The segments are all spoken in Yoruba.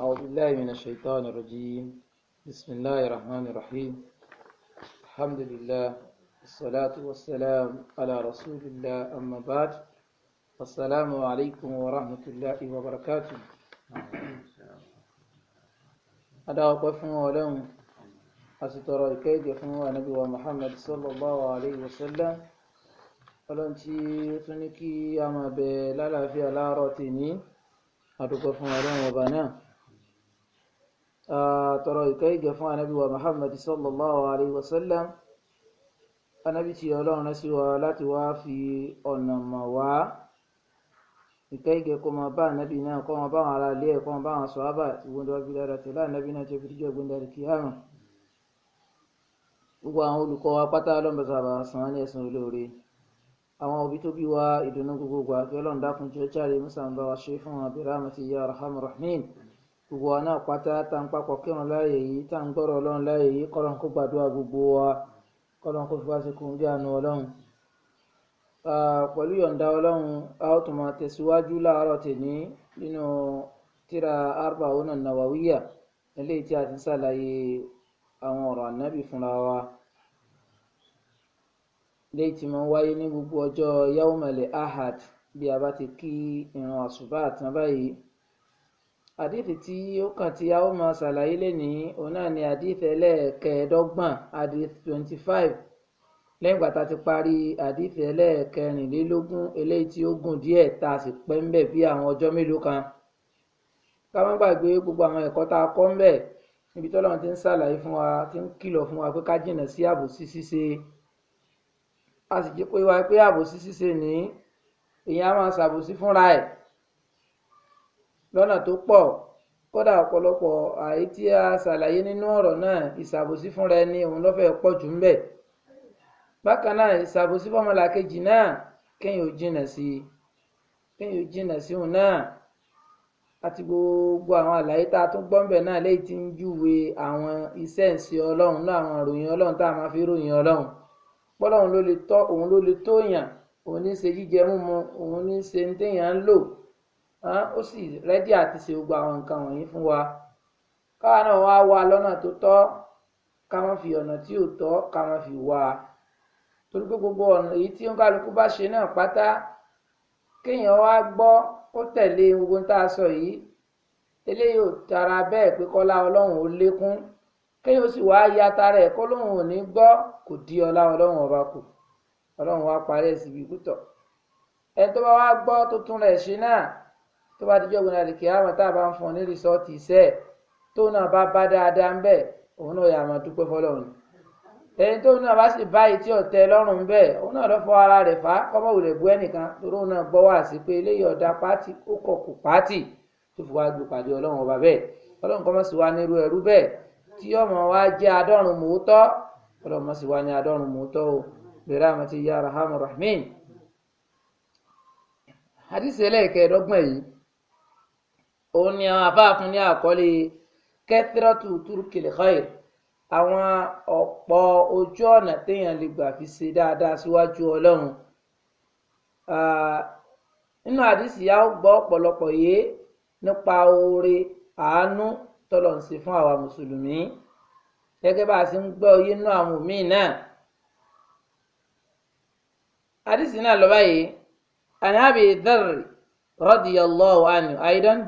أعوذ بالله من الشيطان الرجيم بسم الله الرحمن الرحيم الحمد لله والصلاة والسلام على رسول الله أما بعد السلام عليكم ورحمة الله وبركاته أدعو قفن ولم أسترى الكيد يفن نبي محمد صلى الله عليه وسلم ọlọ́run tí ó tún ní kí a máa bẹ lálàáfíà láàárọ̀ tèmi adúpẹ́ fún ọlọ́run ọba náà tọrọ ìkẹ́ ìgẹ̀ fún anábì wa muhammad sallallahu alayhi wa sallam anábì tí ọlọ́run rán sí wa láti wá fi ọ̀nà mọ̀ wá ìkẹ́ ìgẹ̀ kó máa bá anábì náà kó máa bá àwọn ará ilé ẹ̀ kó máa bá àwọn sọ́ábà ìwọ́n dọ́gbí dára tẹ̀lé anábì náà tó fi díjọ́ gbẹ́ndà jẹ́ gbogbo wa náà pátá tá ń papọ̀ kírun láàyè yìí tá ń gbọ́rọ̀ ọlọ́run láàyè yìí kọ́lọ́n kó gbàdúrà gbogbo wa kọ́lọ́n kó fi wá sí kúndé àánú ọlọ́run. pẹ̀lú yọ̀ǹda ọlọ́run a ó tún máa tẹ̀síwájú láàárọ̀ tèmi nínú tíra Arba'un Nawawiyya eléyìí tí a ti ṣàlàyé àwọn ọ̀rọ̀ ànábì fúnra wa léyìí tí máa wáyé ní gbogbo ọjọ́ yawmal ahad bí a bá ti kí ìran àsùbá àtàn báyìí Hádíìsì tí ó kàn tí a ó máa ṣàlàyé lénìí òun náà ni hádíìsì ẹlẹ́ẹ̀kẹẹ̀ẹ́dọ́gbọ̀n hádíìsì twenty five lẹ́yìn ìgbà tá a ti parí hádíìsì ẹlẹ́ẹ̀kẹrìnlélógún eléyìí tí ó gùn díẹ̀ tá a sì pẹ́ ń bẹ̀ bí àwọn ọjọ́ mélòó kan. ká má gbàgbé gbogbo àwọn ẹ̀kọ́ tá a kọ́ ń bẹ̀ níbi tọ́lọ́run ti ń ṣàlàyé fún wa ti ń kìlọ̀ fún wa pé ká jìnnà sí àbòsí ṣíṣe a sì jẹ́ kó yé pé àbòsí ṣíṣe nìí èèyàn á máa ṣàbòsí fúnra ẹ̀ lọ́nà tó pọ̀ kódà ọ̀pọ̀lọpọ̀ àyè tí a ṣàlàyé nínú ọ̀rọ̀ náà ìṣàbòsí fúnra ẹni òun lọ́fẹ̀ẹ́ pọ̀ jù ń bẹ̀. bákan náà ìṣàbòsí fọmọlàkejì náà kéèyàn ò jìnà sí i kéèyàn ò jìnà sí òun náà àti gbogbo àwọn àlàyé tá a tún gbọ́ ń bẹ̀ náà léyìí tí ń júwe àwọn iṣẹ́ ìṣe ọlọ́run náà àwọn ìròyìn ọlọ́run tá a máa fi ròyìn ọlọ́run pọ́lọ́run ló le tọ́ òun ló le tóyàn òun ní í ṣe jíjẹ mímu òun ní í ṣe ní téèyàn ń lò ó sì rẹ́dí àti ṣe gbogbo àwọn nǹkan wọ̀nyí fún wa káwa náà wá wá lọ́nà tó tọ́ ká má fi ọ̀nà tí ò tọ́ ká má fi wá a torí pé gbogbo ọ̀nà èyí tí kálukú bá ṣe náà pátá kéèyàn wá gbọ́ ó tẹ̀lé gbogbo tá a sọ yìí eléyìí ò tara bẹ́ẹ̀ pé kọ́lá ọlọ́run ó lékún kéèyàn sì wá ya tara ẹ̀ kọ́ ò ní gbọ́ kò di ọlá ọlọ́run ọba kù ọlọ́run wá parí ẹ̀ síbi kútọ̀ ẹ tó bá wá gbọ́ tó tún rẹ̀ ṣe náà tó bá dijọ́ gbọ́dọ̀ àdìkì àwọn tá a bá ń fún ní rìsọ́ọ̀tì iṣẹ́ ẹ̀ tóun náà bá bá dáadáa ń bẹ̀ òun náà yà máa dúpẹ́ fọlọ́run ẹni tóun náà bá sì báyìí tí ọ̀tẹ lọ́rùn bẹ́ẹ̀ òun náà lọ́fọ́ ara rẹ̀ fà á kọ́mọ̀ wùlẹ̀ bú ẹnìkan torí òun náà gbọ́ wá sí pé eléyìí ọ̀dà pátì ó kọ̀ kù pátì tó fi wá gbé pàdé ọlọ́run ọba bẹ́ẹ̀ ọlọ́run kọ́ mọ̀ sí wa nírú ẹrú bẹ́ẹ̀ tí ọmọ wa jẹ́ adọ́run mòótọ́ ọlọ́run mọ̀ sí wa ní adọ́run mòótọ́ o bẹ̀rẹ̀ àmọ́ ti yára hamu rahmin hadith ẹlẹ́ẹ̀kẹ́ ẹ̀dọ́gbọ̀n yìí òun ni àwọn àfáàfún ní àkọlé kẹtírọtù túrúkìlì khair àwọn ọ̀pọ̀ ojú ọ̀nà téèyàn lè gbà fi ṣe dáadáa síwájú ọlọ́run nínú àdìsí yà ó gbọ́ ọ̀pọ̀lọpọ̀ yé nípa oore àánú tọ́lọ̀ ń ṣe fún àwa mùsùlùmí gẹ́gẹ́ bá a ṣe ń gbọ́ oyé nínú àwọn míì náà àdìsí náà lọ báyìí ànábì dàr radiyallahu anhu aidan.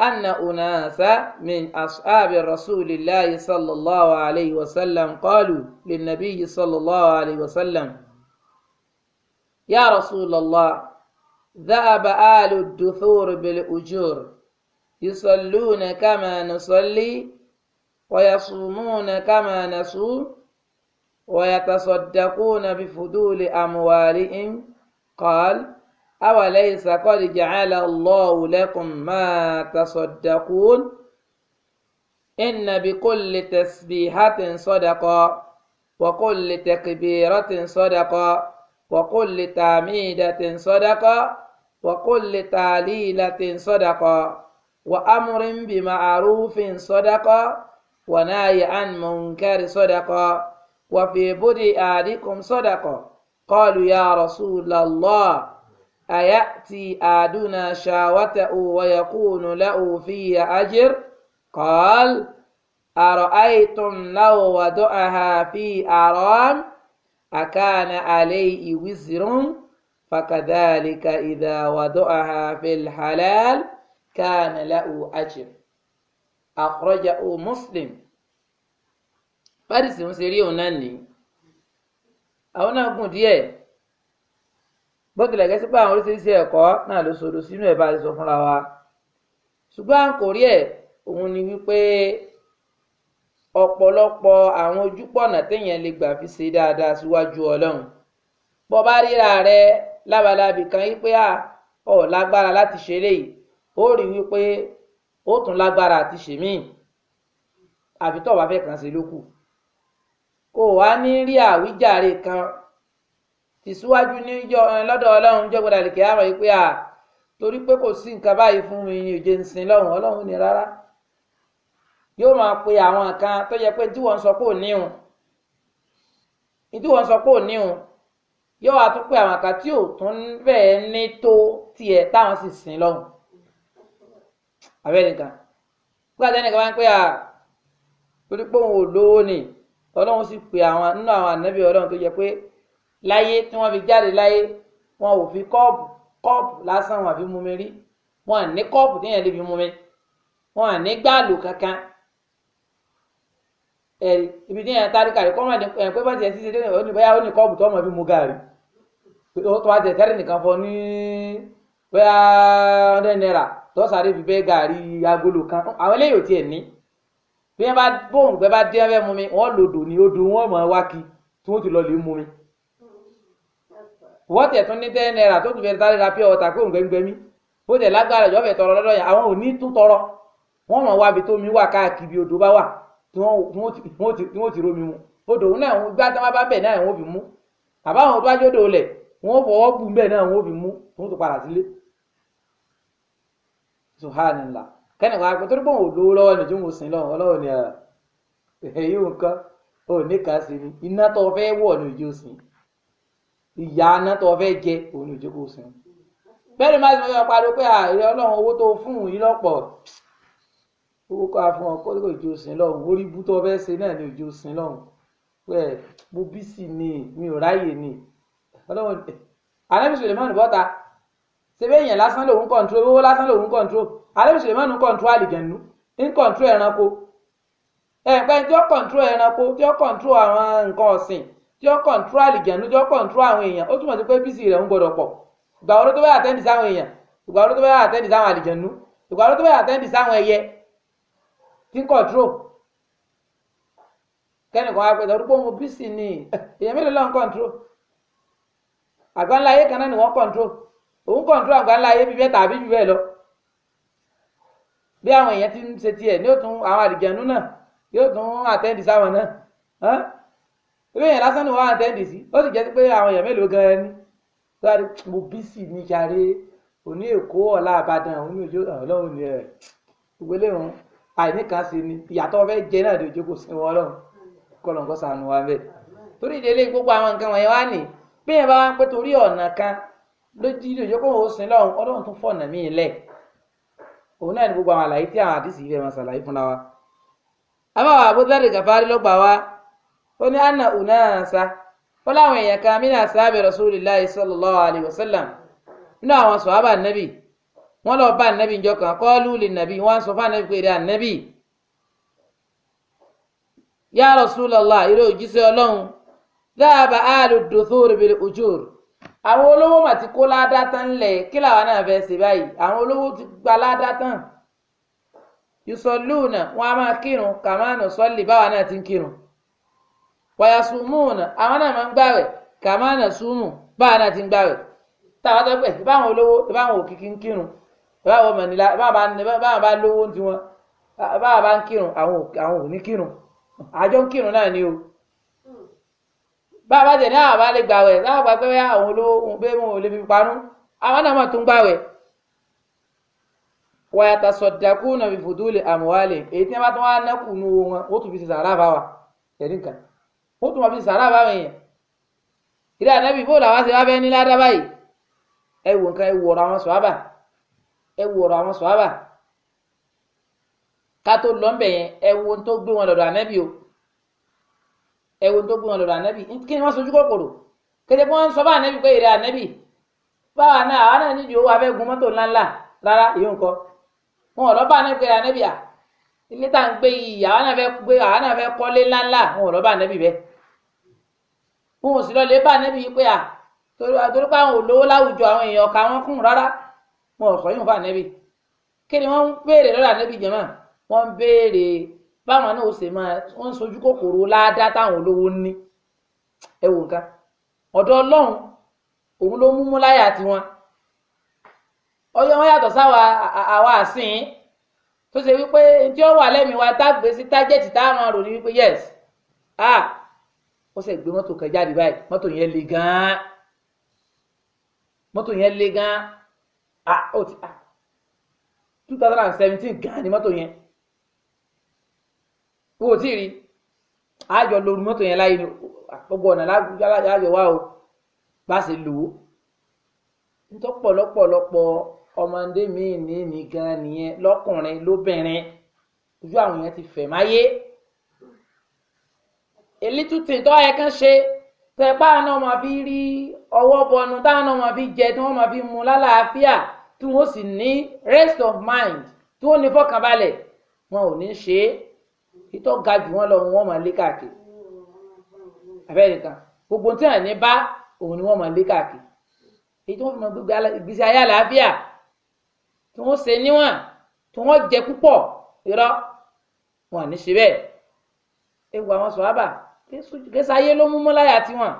أن أناسا من أصحاب رسول الله صلى الله عليه وسلم قالوا للنبي صلى الله عليه وسلم يا رسول الله ذهب آل الدثور بالأجور يصلون كما نصلي ويصومون كما نصوم ويتصدقون بفضول أموالهم قال أوليس قد جعل الله لكم ما تصدقون إن بكل تسبيحة صدقة وكل تكبيرة صدقة وكل تعميدة صدقة وكل تعليلة صدقة وأمر بمعروف صدقة ونهي عن منكر صدقة وفي بدء أحدكم صدقة قالوا يا رسول الله أيأتي أحدنا شهوته ويكون له فيها أجر قال أرأيتم لو وضعها في أرام أكان عليه وزر فكذلك إذا وضعها في الحلال كان له أجر أخرجه مسلم فارس مسيري ناني أو نقول bó tilẹ̀ gẹ́sí pé àwọn oríṣiríṣi ẹ̀kọ́ náà ló sọ̀rọ̀ sínú ẹ̀ bá ti sọ fúnra wa ṣùgbọ́n à ń kò rí ẹ̀ òun ni wípé ọ̀pọ̀lọpọ̀ àwọn ojúpọ̀nà téèyàn lè gbà fi ṣe dáadáa síwájú ọlọ́run bó bá ríra rẹ lábalábì kan yí pé ọ̀ lágbára láti ṣe eléyìí ó rí wípé ó tún lágbára àti ṣèmíì àbí tó fẹ́ kàn ṣe lókù kò wá ní rí àwíjàre kan ìsíwájú níjọ eh, lọ́dọ̀ Ọlọ́run jọgbọdà lèkè àrọ yìí pé à torí pé kò sí nǹkan báyìí fún mi ìjẹ ń sin lọ́hùn Ọlọ́run ni rárá yóò máa pe àwọn kan tó yẹ pé tí wọn sọ pé ò níhun tí wọn sọ pé ò níhun yóò wá tún pé àwọn kan tí ò tún bẹ́ẹ̀ ní tó tiẹ̀ táwọn sì sin lọ́hùn abẹ́nìkan gbọ́dọ̀ ẹnìkan máa ń pè à torí pé òun ò lówó ni Ọlọ́run sì pe àwọn nínú àwọn ànábì Ọlọ́run tó yẹ pé láyé tí wọ́n fi jáde láyé wọn ò fi kọ́ọ̀pù kọ́ọ̀pù lásán wọn àfi mumi rí wọn à ní kọ́ọ̀pù téèyàn lè fi mumi wọn à ní gbàlù kankan ẹ̀rí ibi téèyàn tárí kàrí kọ́ máa ẹ̀ pé bọ́sẹ̀ ṣíṣe lónìí ó ní bóyá ó ní kọ́ọ̀pù tó máa fi mu gàrí tó wá tẹ̀ tẹ́rì nìkan fọ ní bóyá ọ̀dẹ́ náírà tó sáré fi bẹ́ẹ̀ gàrí agolo kan àwọn eléyìí ò tiẹ̀ ní bí wọ́n bá bóun gbẹ bá dé ẹ fẹ́ mumi wọ́n lòdò ní odò wọn mọ̀ wá tí wọ́n ti lọ lè mumi wọ́n tẹ̀ tún ní ten naira tó tún fẹ́ sáré ra pure water kó ngbẹ́ngbẹ́mí ó tẹ̀ lágbára ìjọ fẹ́ tọrọ lọ́dọ̀ yẹn àwọn ò ní tún tọrọ wọ́n mọ̀ wábi tómi wà káàkiri odò bá wà tí wọ́n ti romi mu odò náà gbá tí bá bẹ̀ náà wọ́n fi mú bàbá àwọn bá jódò lẹ̀ wọ́n fọwọ́ bù bẹ̀ náà wọ́n fi mú wọ́n tún padà sílé. subhanallah kẹ́ni wàá pẹ́ tó ìyá aná tó fẹ́ jẹ òun ni òjòkó sùn bẹ́ẹ̀ ni má ti fẹ́ pariwo pé àìrẹ́ ọlọ́run owó tó fún òun yìí lọ́pọ̀ owó kọ́ afún ọ kó òjò sìn lọ́hùn orí ibú tó fẹ́ ṣe náà ni òjò sìn lọ́hùn pé mo bí sì ni mi ò ráyè ni ọlọ́run Ànábì Sùlẹ̀mánù bọ́ta sebe èèyàn lásán lòun kọ̀ǹtró owó lásán lòun kọ̀ǹtró Ànábì Sùlẹ̀mánù kọ̀ǹtró àlìjẹ̀nu ń kọ̀ǹtró ẹranko ẹ̀pẹ́ tí ó kọ̀ǹtró ẹranko tí ó kọ̀ǹtró àwọn nǹkan ọ̀sìn tí ó kọ̀ǹtúrà àlìjànú tí ó kọ̀ǹtúrà àwọn èèyàn ó túmọ̀ sí pé bísí rẹ̀ ń gbọdọ̀ pọ̀ ìgbà wo ló tó bá àtẹ́ǹdì sáwọn èèyàn ìgbà wo ló tó bá àtẹ́ǹdì sáwọn àlìjànú ìgbà wo ló tó bá àtẹ́ǹdì sáwọn ẹyẹ tí ń kọ̀ǹtúrò kẹ́nìkan á pẹ̀lú ọdún mo bísí ni èèyàn mélòó lọ́n kọ̀ǹtúrò àgbáńlá ayé kan náà ni wọ́n kọ̀ǹtúrò òun kọ̀ǹtúrò àgbáńlá ayé bíi mẹ́ta àbí jù bẹ́ẹ̀ lọ bí àwọn èèyàn ti ń ṣe tiẹ̀ ní òtún àwọn àlìjànú náà yóò tún àtẹ́ǹdì sáwọn náà ìwé yẹn lásán ni wọn á tẹ́ǹdì sí ó sì jẹ́ pé àwọn èèyàn mélòó gan ni sáré mo bí sì ní yàrá òní èkó ọ̀la àbàdàn òun ní ojú ọlọ́run ni ẹ̀ ìwélé wọn àìníkan sí ni ìyàtọ̀ fẹ́ jẹ náà di ojú kò sí wọn ọlọ́run kọlọ̀ nǹkan sànù wa bẹ́ẹ̀ torí ìdílé gbogbo àwọn nǹkan wọ̀nyẹn wá nì bí yẹn bá wá ń pẹ́ torí ọ̀nà kan lójú ìdòjó kó wọn ó sin lọ́run ọlọ́run tún fọ̀nà míì lẹ̀ òun náà ni gbogbo àwọn àlàyé tí àwọn àdìsí yìí fẹ́ máa ṣàlàyé fúnra wa. àbáwọ̀ àbúdárì gàfárí lọ́gbà wa ó ní anna unasa ó láwọn èèyàn kan mina sábẹ rasulillahi sallallahu alayhi wa sallam nínú àwọn sọ̀hábà nàbì wọ́n lọ bá nàbì njọ kan kọ́ọ́lù lè nàbì wọ́n sọ fún ànàbì pé rẹ̀ ànàbì ya rasulallah irú ọlọ́run dáàbà áàlù dòthóòrò bil ujur àwọn olówó mà ti kó ládàá tán lẹ̀ kí làwọn náà fẹ́ ṣe báyìí àwọn olówó ti gba ládàá tán yusọlúùnà wọn a máa kírun kàmánù sọlì báwa náà ti ń kírun wàyàsùmùnà àwọn náà máa ń gbàwẹ̀ kàmánà súnmù báwa náà ti ń gbàwẹ̀ táwa tó pẹ̀ báwọn olówó báwọn òkìkí ń kírun báwọn ọmọ nílá báwọn bá lówó ń tiwọn báwọn bá ń kírun àwọn ò ní kírun àjọ ń kírun náà ni o báwa bá tẹ̀ ní àwọn bá lè gbàwẹ̀ láwọn gbàgbé wẹ́ àwọn olówó ń gbé wọn ò lè fi parun àwọn náà máa tún gbàwẹ̀ wàyàtà sọ̀dàkú náà fi fòdúlẹ̀ àmúwálẹ̀ èyí tí wọ́n bá tún wá nákùnú wọn ó tún fi ṣe sàrà báwa ẹ̀rí nǹkan ó tún wọn fi sàrà báwọn èèyàn ìdá ànábì bó làwọn ṣe wá bẹ́ẹ̀ ní ládá báyìí ẹ wò nǹkan ẹ wò ọ̀rọ̀ àwọn sọ̀hábà ẹ wò ọ̀rọ̀ àwọn sọ̀hábà ká tó lọ ńbẹ yẹn ẹ wo ohun tó gbé wọn lọ́dọ̀ ànábì o ẹ wo ohun tó gbé wọn lọ́dọ̀ ànábì kí ni wọ́n sojú kòkòrò kété pé wọ́n ń sọ bá ànábì pé ìrẹ ànábì báwa náà àwa náà nídìí owó abẹ́gun mọ́tò ńláńlá rárá èyí nǹkan wọn ò lọ bá ànábì pé ànábì à ilé tá à ń gbé yìí àwa náà fẹ́ gbé àwa náà fẹ́ kọ́lé ńláńlá wọn ò lọ bá ànábì bẹ́ẹ̀ wọn ò sì lọ lè bá nẹ́bí pé à torí pé àwọn olówó láwùjọ àwọn èèyàn ọ̀ka wọn kún rárá wọn ò sọ yóò fà nẹ́bí kí ni wọ́n ń béèrè lọ́dà nẹ́bí jẹ̀mọ́ wọ́n ń béèrè báwọn náà ó sì máa wọ́n ń sojú kòkòrò ládá táwọn olówó ń ní ẹ wò nǹkan ọ̀dọ̀ ọlọ́run òun ló mú mú láyà tiwọn ọyọ wọn yàtọ̀ sáwa àwa àsìn tó ṣe wípé tí ó wà lẹ́mìí wa tá gbèsè tájẹ́tì táwọn rò ní wípé yes ah ó sì gbé mọ́tò kan jáde báyìí mọ́tò yẹn le gan-an yẹn le gan-an ah ó ti ah two thousand and seventeen gan-an ni mọ́tò yẹn wò tí rí àjọ lóru mọ́tò yẹn láyé ni gbogbo ọ̀nà lájọ wá o bá sì lò ó nítorí pọ̀lọ́pọ̀lọpọ̀ ọmọdé mi ní nìgan nìyẹn lọ́kùnrin lóbìnrin ojú àwọn yẹn ti fẹ̀ máyé a little thing tó yẹ kán ṣe tẹ páànà ọmọ bí rí ọwọ́ bọnu táwọn ọmọ bí jẹ tí wọ́n máa fi mu lálàáfíà tí wọ́n sì ní rest of mind tí wọ́n ní fọkànbalẹ̀ wọn ò ní ṣe é ìtọ́ ga jù wọ́n lọ wọ́n máa lé káàkiri abẹ́nìkan gbogbo tí wọ́n ní bá òun ni wọ́n máa lé káàkiri èyí tí wọ́n fi máa gbégbé ìgbésí ayé àlàáfíà tí wọ́n ṣe níwọ̀n tí wọ́n jẹ púpọ̀ irọ́ wọn ò ní ṣe bẹ́ẹ̀ ewu àwọn sọ̀rọ̀ gẹ́sà ayé ló mú mọ́láyà tiwọn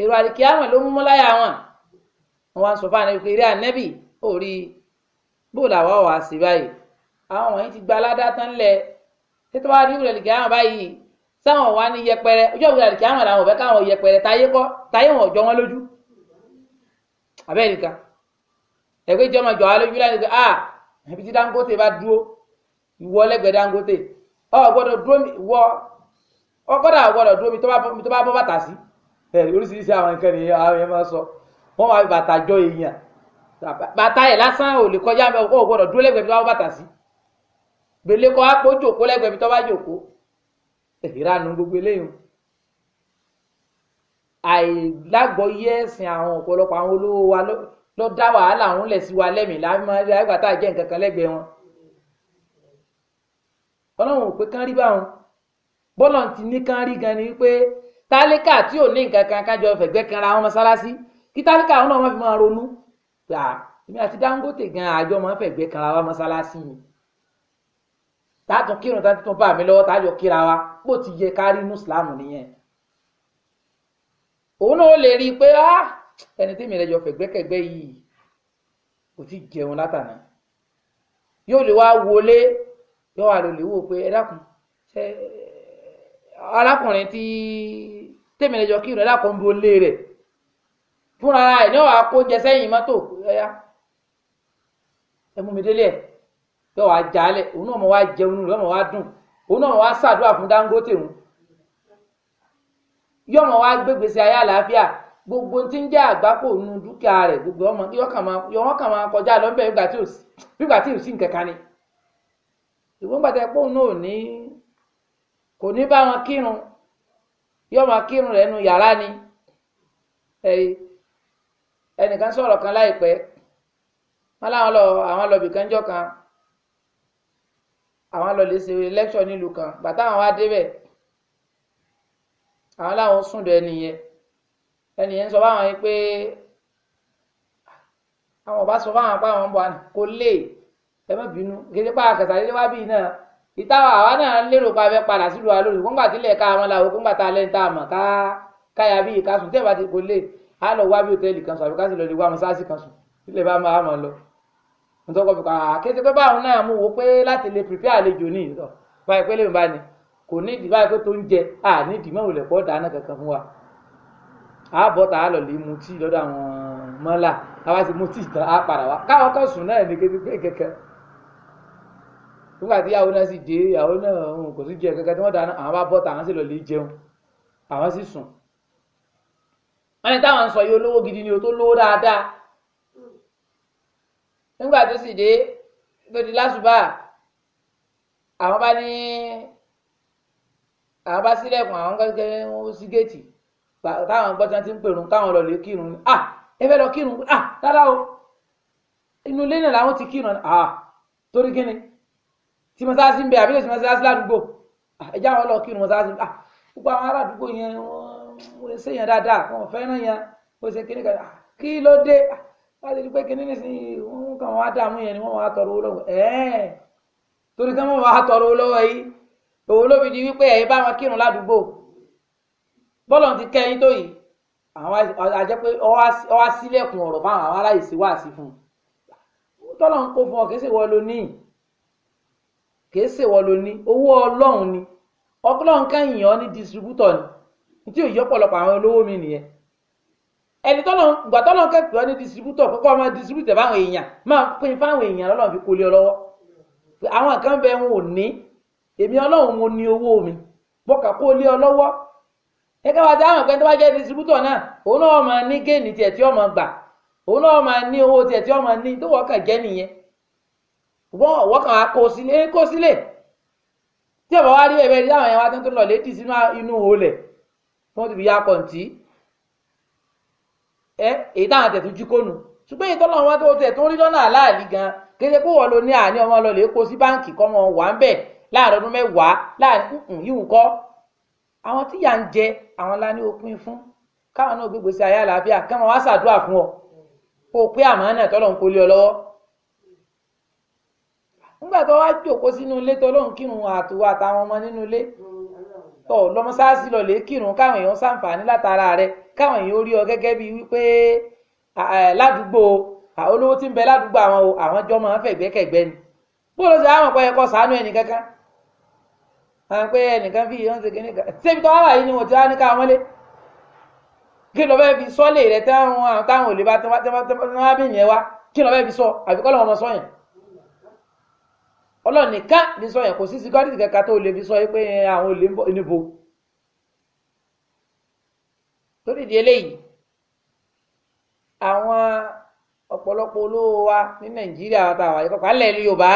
èrò àríkíámọ̀ ló mú mọ́láyà wọn wọn wá ń sọ fún àná pé eré ànẹ́bì ò rí bóòlù àwa wà á sí báyìí àwọn wọ̀nyí ti gba aládá tán lẹ̀ títí wàá rí ìwúrẹ̀ àríkíámọ̀ báyìí sáwọn wà ní yẹpẹrẹ ojú ìwúrẹ̀ àríkíámọ̀ làwọn ọ̀bẹ káwọn yẹpẹrẹ táyé kọ́ táyé wọn jọ wọn lójú abẹ́ẹ̀ríkà ẹgbẹ́ ìjọba jọ alójú láti ah ibi tí Dangote bá dúró ìwọ lẹ́gbẹ̀ẹ́ Dangote ọ̀ gbọ́dọ̀ dúró ọgbọ́dọ̀ àgbọ́dọ̀ dúró mi tó bá bọ́ bàtà sí oríṣiríṣi àwọn nǹkan ni àwọn èèyàn máa ń sọ wọ́n máa fi bàtà jọ èèyàn bàtà ẹ̀ lásán ò lè kọjá mẹ́ ò gbọ́dọ̀ dúró lẹ́gbẹ̀ẹ́ mi tó bá bọ́ bàtà sí gbèlè kọ́ àpò jòkó lẹ́gbẹ̀ẹ́ mi tó bá jòkó ìranu gbogbo eléyìí àìlágbọ́yé ẹ̀sìn àwọn ọ̀pọ̀lọpọ̀ àwọn olówó wa ló dá wàhálà òun lẹ̀ sí wa lẹ́mìí láàmúlẹ̀ àgbàtà jẹ́ nǹkan kan lẹ́gbẹ̀ẹ́ wọn ọlọ́run ò pé kán rí báwọn bọ́lọ̀ ti ní kán rí gan ni wípé tálíkà tí ò ní nǹkan kan kájọ fẹ̀gbẹ́ kan ra wọn mọ́sálásí kí tálíkà àwọn náà wọ́n fi máa ronú gbà èmi àti Dangote gan àjọ máa ń fẹ̀gbẹ́ kan ra wa mọ́sálásí ni táàtún kírun tá tún bá mi lọ́wọ́ táàjọ kíra wa bó ti yẹ kárí inú Islam nìyẹn òun náà lè rí i pé ẹni tí mi rẹ̀ jọ fẹ̀gbẹ́kẹ̀gbẹ́ yìí kò tí jẹun látàná yóò lè wá wọlé yóò wà lè wò pé ẹ dákun ṣe arákùnrin tí tèmílẹjọ kírun ẹdá kan ń bo lé rẹ fúnra ẹ ní wàá kó jẹ sẹ́yìn mọ́tò ẹyà ẹmú mi délé ẹ yọ wàá jálẹ òun náà mọ wàá jẹun rẹ mọ wàá dùn òun náà mọ wàá ṣàdúrà fún Dangote òun yọ mọ wàá gbégbèsè ayé àlàáfíà gbogbo tí ń jẹ àgbákò nu dúkìá rẹ gbogbo ọmọ yọ wọn kàn máa kọjá lọ bẹ́ẹ̀ ò sí nǹkan ni ìwọ ń gbàtẹ pé òun náà ò ní kò ní bá wọn kírun yóò máa kírun rẹ̀ nu yàrá ni ẹnìkan sọ̀rọ̀ kan láìpẹ́ wọn láwọn lọ àwọn lọbì kan jọ kan àwọn lọ lè ṣe lẹ́kṣọ̀ nílùú kan bàtà àwọn wá débẹ̀ àwọn láwọn súndọ̀ ẹnìyẹn ẹnìyẹn sọ fáwọn yìí pé àwọn ọba sọ fáwọn pé àwọn ń bọ àná kò lè ẹ má bínú gẹ́gẹ́ pé àkàtà lílé wá bíi náà ìtawà àwa náà lérò pa abẹ́ padà sílùú wa lórí kóńgbà tílẹ̀ ká wọn làwọn kóńgbà tá a lẹ́ni tá a mọ̀ ká káyà bíi ká sùn tẹ́ẹ̀bà ti kò lè á lọ wá bí òtẹ́ẹ̀lì kan sùn àbí ká sì lọ lè wá wọn sáàsì kan sùn tílẹ̀ bá máa mọ̀ lọ. ntọ́kọ̀ fi kọ́ àkété pé báwọn náà mú wo pé láti lè prepare àlejò ní ìtọ́ báyìí pé lèmi bá ní kò ní ìdí báyìí pé tó ń jẹ à ní a bọ́ ta lọ lè mu tíì lọ́dọ̀ àwọn mọ́là àwa nígbà tí ìyàwó náà sì dé ìyàwó náà kò sí jẹ kankan tí wọ́n dáná àwọn bá bọ́ tà sì lọ lè jẹun àwọn sì sùn wọ́n ní táwọn ń sọ yìí olówó gidi ni o tó lówó dáadáa nígbà tó sì dé tó di lásùbà àwọn bá ní àwọn bá sílẹ̀kùn àwọn gẹ́gẹ́ wọn sí géètì táwọn gbọ́ ti ń pèrún káwọn lọ lè kírun ah ẹ fẹ́ lọ kírun ah rárá o inú ilé náà làwọn ti kírun ah torí kí ni tí mọ́sáàsì ń bẹ àbí lèṣe mọ́sáàsì ládùúgbò ah, ẹ̀já wọn lọ kírun mọ́sáàsì ah gbogbo àwọn aládùúgbò yẹn wọ́n ṣe yẹn dáadáa wọn fẹ́ràn yẹn bó ṣe kíní kan ah, kí ló dé láti ah, rí pé kíní nísìnyí wọn kàn wọ́n á dààmú yẹn ni wọ́n wàá tọrọ owó lọ́wọ́ ẹ̀ẹ́ torí kí wọ́n wàá tọrọ owó lọ́wọ́ yìí òun ló fi di wípé ẹ̀yin bá wọn kírun ládùúgbò bọ́lọ̀ ti kẹ́ yín tó yìí àwọn àjẹ́ pé ọwá sílẹ̀kùn ọ̀rọ̀ fáwọn àwọn aláìsí wá sí fún un tọ́lọ̀ ń kó fún ọ kí sì wọ́n lo níyì kì í ṣèwọ ló ní owó ọlọ́run ni ọlọ́run kẹ́yìn ọ ní distributor ni tí òyìn ọ̀pọ̀lọpọ̀ àwọn olówó mi nìyẹn ẹni gbà tọ́lọ́n kẹ́pẹ́ ọ ní distributor kọ́kọ́ máa distributor fáwọn èèyàn máa pín fáwọn èèyàn lọ́lọ́run fi kólé ọ lọ́wọ́ àwọn kan bẹ wọn ò ní èmi ọlọ́run mo ní owó mi bọ́kà kólé ọ lọ́wọ́ gẹ́gẹ́ bá dáhùn pé tó bá jẹ́ distributor náà òun náà máa ní géènì tiẹ̀ tí ó máa gbà òun náà máa ní owó tiẹ̀ tí ó máa ní tó wọ́ọ̀kà jẹ́ nìyẹn ṣùgbọ́n ọ̀wọ́ kan á kó sílé é kó sílé tí ọ̀bọ̀ wá rí ẹ̀rẹ́ rí àwọn ẹ̀wá tó ń tó lọ létí sínú inú olè tí wọ́n ti fi ya kọ̀ǹtì ẹ èyí táwọn tẹ̀ tó jí kónu ṣùgbọ́n èyí tọ́lọ́ wọn tó tẹ̀ tó ń rí lọ́nà aláàlí gan kéde kó wọ́n lo ní àní ọmọ lọ lè kó sí báǹkì kọ́mọ wà ń bẹ̀ láàrin ọdún mẹ́wàá láàrin yìí kọ́ àwọn tí yà ń jẹ àwọn lá ní òpin fún káwọn náà gbégbèsè ayé àlàáfíà káwọn wá ṣàdúrà fún ọ kó o pé àmọ́ náà tọ́lọ́ ń kólé ọ lọ́wọ́ nígbà tó wá jòkó sínú ilé tó lóun kírun àtòwò àtàwọn ọmọ nínú ilé tó lọmọ sáàsì lọ lè kírun káwọn èèyàn ṣàǹfààní látara rẹ káwọn èèyàn rí ọ gẹ́gẹ́ bíi wípé ládùúgbò olówó tí ń bẹ ládùúgbò àwọn o àwọn jọ máa ń fẹ̀gbẹ́kẹ̀gbẹ́ ni bóòlù ṣe àwọn ọ̀pọ̀ yẹ kó ṣàánú ẹnì kankan àwọn pé ẹnìkan fi ìyọ́n ṣe kíní kan ṣébi tó wá wà yìí ni wọ́n ti wá ní káwọn mọ́lé kí ló fẹ́ fi sọ́lé rẹ táwọn táwọn ò lè bá tẹ́wọ́n bìyẹn wá kí ló fẹ́ fi sọ àfikọ́ lọ́wọ́ ọmọ sọ́yìn ọlọ́run nìkan ní sọ yẹn kò sí security kankan tó lè fi sọ pé eh, àwọn olè ń bọ̀ torí di eléyìí àwọn ọ̀pọ̀lọpọ̀ olówó wa ní nàìjíríà wọn tàwa ìkọ̀kọ̀ alẹ́ ní yorùbá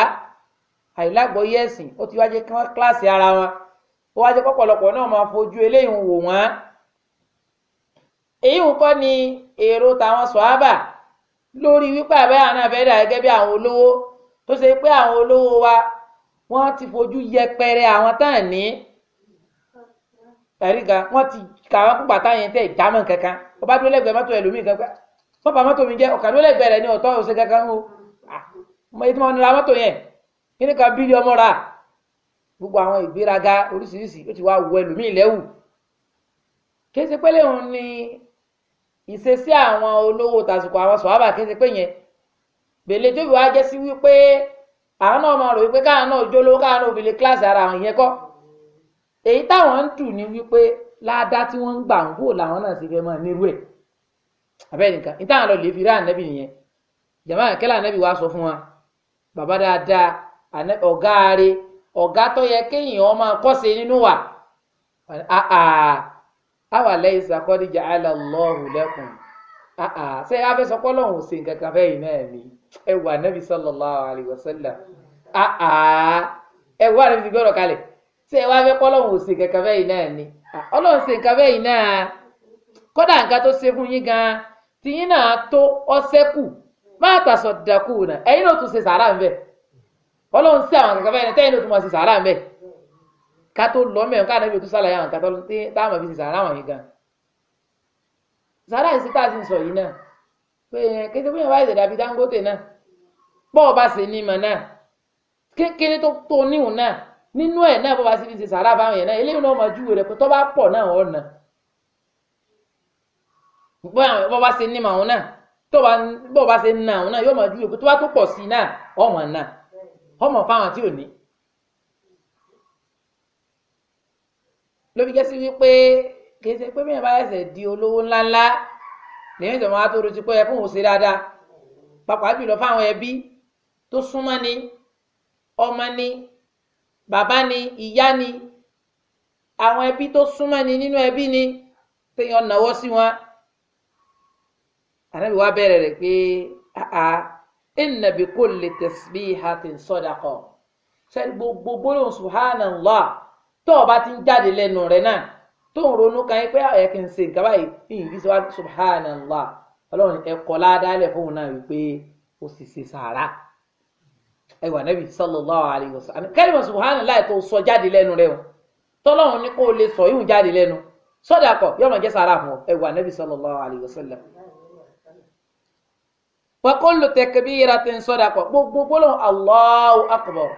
àìlágbọ́yé ẹ̀sìn ó ti wájé kí wọ́n kíláàsì ara wọn ó wájé pọ̀pọ̀lọpọ̀ náà máa fojú eléyìí wò wọ́n èyí ń kọ́ ni èrò tàwọn sọ̀hábà lórí wípé àbẹ́yà náà fẹ́ gẹ́gẹ́ bí àwọn olówó tó ṣe pé àwọn olówó wa wọ́n ti fojú yẹpẹrẹ àwọn tán ní ẹ̀rí gan wọ́n ti kà wọ́n kó bàtà yẹn tẹ̀ ìdámọ̀ kankan ọba dúró lẹ́gbẹ̀ẹ́ mọ́tò ẹlòmíì kankan wọ́n pa mọ́tò mi jẹ́ ọ̀kadó lẹ́gbẹ̀ẹ́ rẹ̀ ní ọ̀tọ́ ọ̀sẹ̀ kankan o mọ ètò ìmọ̀nira mọ́tò yẹn kí ni ká bílíọ̀ mọ́ ra gbogbo àwọn ìgbéraga oríṣiríṣi ó ti wá wọ ẹlòmíì lẹ́wù kí ṣe pé léwu ni ìṣesí àwọn olówó tàsùkò àwọn sọ̀hábà kí ṣe pé yẹn gbèlè tó jẹ́ sí wípé àwọn ọmọ máa wípé káwọn náà jóló òbílẹ̀ kíláàsì ara àwọn yẹn kọ́ èyí táwọn ń ní wípé láàdá tí wọ́n ń gbà ń làwọn náà sì fẹ́ mọ́ nírú ẹ̀ abẹ́rẹ́ nìkan ní táwọn lọ lè fi rí bàbá dáadáa ọ̀gá rẹ ọ̀gá tó yẹ kéèyàn nínú ẹ wà nẹ́bí sallallahu alaihi wasallam ẹ wà nẹ́bí gbọ́dọ̀ kalẹ̀ tí ẹ wá fẹ́ kọ́ ọlọ́run ò ṣe kankan bẹ́yìí náà ni ah, ọlọ́run ṣe nǹkan bẹ́yìí náà kódà nǹkan tó ṣe fún yín gan tìyín náà tó ọ́sẹ́kù máa tàṣọ dàkú náà ẹ̀yin náà tún ṣe sàárà ń bẹ̀ ọlọ́run sí àwọn kankan bẹ́yìí náà tẹ́yìn náà tún máa ṣe sàárà ń bẹ̀ ká tó lọ mẹ́rin ká ànábì tó sàlàyé àwọn kan táwọn pé yẹn kété bóyá wáyé ìdàdà bíi Dangote náà bọ́ọ̀ bá ṣe ní ìmọ̀ náà kékeré tó tó níhùn náà nínú ẹ̀ náà bọ́ọ̀ bá ṣe fi ṣe sàrà báwọn yẹn náà eléyìí náà mọ̀ ju rẹ̀ pé tó bá pọ̀ náà ọ̀nà bọ́ọ̀ bá ṣe ní ìmọ̀ àwọn náà bọ́ọ̀ bá ṣe ní àwọn náà yóò mọ̀ ju rẹ̀ pé tó tó pọ̀ sí náà ọmọ náà ọmọ fáwọn tí ò ní. ló fi jẹ́ sí wípé kì í ṣe pé bí lẹ́yìn tó máa tó ro ti pé ẹ fún òun ṣe dáadáa pàápàá jùlọ fáwọn ẹbí tó súnmọ́ ni ọmọ ni bàbá ni ìyá ni àwọn ẹbí tó súnmọ́ ni nínú ẹbí ni téèyàn náwó sí wọn ànábì wa bẹ̀rẹ̀ rẹ̀ pé àà inna bi kulli tasbihatin sadaqa ṣe gbogbo gbólóhùn subhanallah tó o bá ti ń jáde lẹ́nu rẹ̀ náà tó ń ronú kan yín pé ah, ẹ kì í ṣe nǹkan báyìí ìyìn bí sọ́wọ́ subhanallah ọlọ́run ẹ̀kọ́ ládàálẹ̀ fóun náà wípé ó sì ṣe sàárà ẹwà nẹ́bí sallallahu alayhi wa sallam kẹ́lìmọ̀ subhanallah tó sọ jáde lẹ́nu rẹ̀ o tọ́lọ́run ní kó o lè sọ ìhùn jáde lẹ́nu sọ́dà kọ yọ̀mọ̀ jẹ́ sàárà fún ọ ẹwà nẹ́bí sallallahu alayhi wa sallam wakolo tẹkibira ti n sọdọ akọ gbogbo gbólóhùn Allahu akbar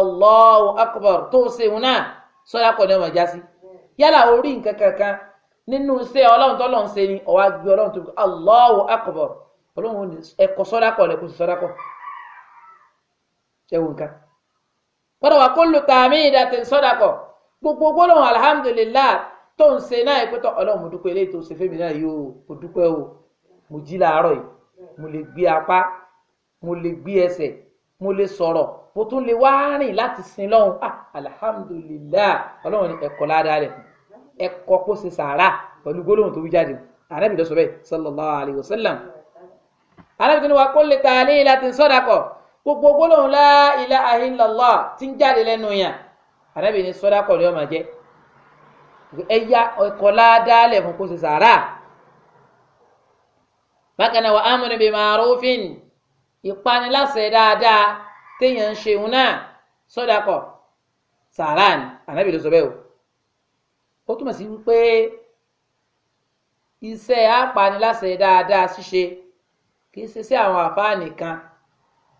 Allahu akbar tó o ṣe wọn náà sọdọ ni wọn yálà orí nǹkan kankan nínú iṣẹ́ ọlọ́run tọ́lọ́run ṣe ni ọ̀wá gbé ọlọ́run tó Allahu akbar ọlọ́run ní ẹ̀kọ́ sọ́dákọ̀ lẹ́kọ́ sí sọ́dákọ̀ ẹ̀wù nǹkan. gbọ́dọ̀ wà kullu tahmidatin sọ́dákọ̀ gbogbo gbólóhùn alhamdulillah tó ń ṣe náà ìpẹ́tọ̀ ọlọ́run mo dúpẹ́ eléyìí tó ṣe fẹ́mi náà yìí o mo dúpẹ́ o mo jí làárọ̀ yìí mo lè gbé apá mo lè gbé mo tún lè wá rìn láti sin lọ́hùn ah alhamdulillah ọlọ́run ẹ̀kọ́ ládàá rẹ̀ fún ẹ kọ́ kó ṣe sàárà pẹ̀lú gbólóhùn tó wí jáde ànábì ló sọ bẹ́ẹ̀ sallallahu alayhi wa sallam ànábì tó ní wa kó lè ta ní ilà tí ń sọ́dàkọ̀ gbogbo gbólóhùn la ilaha illallah tí ń jáde lẹ́nu yàn ànábì ní sọ́dàkọ̀ ló máa jẹ́ ẹ̀yà ẹ̀kọ́ ládàálẹ̀ fún kó ṣe sàárà bákan náà wa amru bi ma'rufin ìpaniláṣẹ dáadáa téèyàn ń ṣe òun náà sọ́dàkọ̀ sàárà ni ànábì ló sọ o ó túmọ̀ sí wípé iṣẹ́ apaniláṣẹ dáadáa ṣíṣe kì í ṣe sí àwọn àfáà nìkan